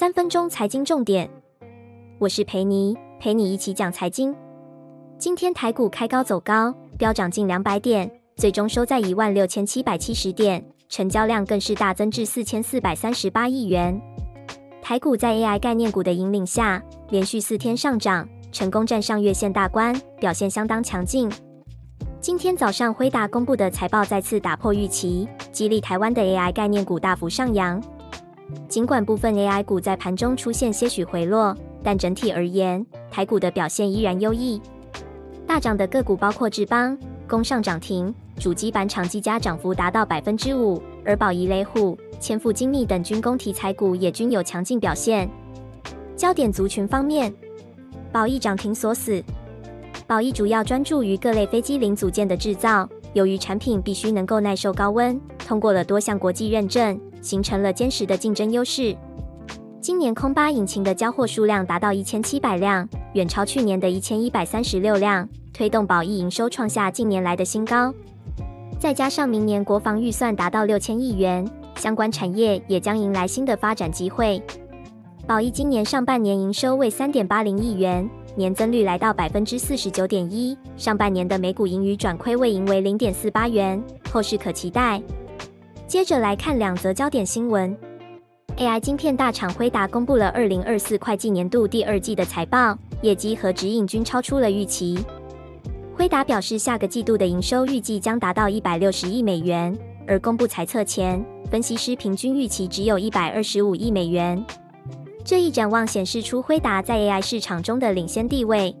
三分鐘財經重點，我是裴妮，陪你一起講財經。今天台股開高走高，飆漲近兩百點，最終收在一萬六千七百七十點，成交量更是大增至四千四百三十八億元。台股在 AI 概念股的引領下，連續四天上漲，成功站上月線大關，表現相當強勁。今天早上，輝達公布的財報再次打破預期，激勵台灣的 AI 概念股大幅上揚。儘管部分 AI 股在盤中出現些許回落，但整體而言，台股的表現依然優異。大漲的個股包括智邦、攻上漲停，主機板廠技嘉漲幅達到百分之五，而寶一、雷虎、千附精密等軍工題材股也均有強勁表現。焦點族群方面，寶一漲停鎖死。寶一主要專注於各類飛機零組件的制造，由於產品必須能夠耐受高溫，通過了多項國際認證，形成了堅實的競爭優勢。今年空八引擎的交貨數量達到一千七百輛，遠超去年的一千一百三十六輛，推動寶一營收創下近年來的新高。再加上明年國防預算達到六千億元，相關產業也將迎來新的發展機會。寶一今年上半年營收為三點八零億元，年增率來到百分之四十九點一。上半年的每股盈餘轉虧為盈為零點四八元，後市可期待。接着來看兩則焦點新聞。AI 晶片大廠輝達公布了二零二四會計年度第二季的財報，業績和指引均超出了預期。輝達表示，下個季度的營收預計將達到一百六十億美元，而公布財測前，分析師平均預期只有一百二十五億美元。這一展望顯示出輝達在 AI 市場中的領先地位。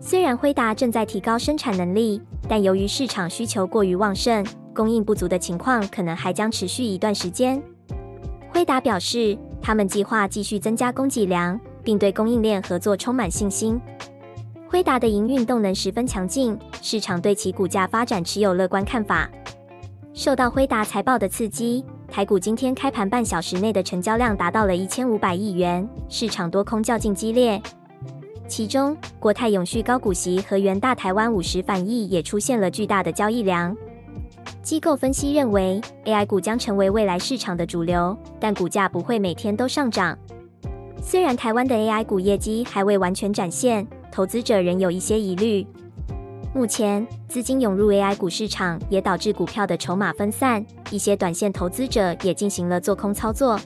雖然輝達正在提高生產能力，但由於市場需求過於旺盛，供應不足的情況可能還將持續一段時間。輝達表示，他們計劃繼續增加供給量，並對供應鏈合作充滿信心。輝達的營運動能十分強勁，市場對其股價發展持有樂觀看法。受到輝達財報的刺激，台股今天開盤半小時內的成交量達到了一千五百億元，市場多空較勁激烈。其中，國泰永續高股息和元大台灣五十反一也出現了巨大的交易量。機構分析認為，AI 股將成為未來市場的主流，但股價不會每天都上漲。雖然台灣的 AI 股業績還未完全展現，投資者仍有一些疑慮。目前，資金湧入 AI 股市場也導致股票的籌碼分散，一些短線投資者也進行了做空操作。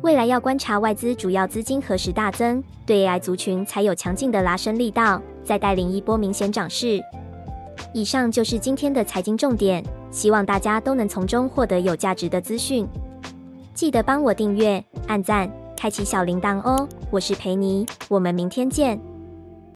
未來要觀察外資主要資金何時大增，對 AI 族群才有強勁的拉升力道，再帶領一波明顯漲勢。以上就是今天的財經重點。希望大家都能從中獲得有價值的資訊，記得幫我訂閱、按讚、開啟小鈴鐺哦！我是裴妮，我們明天見。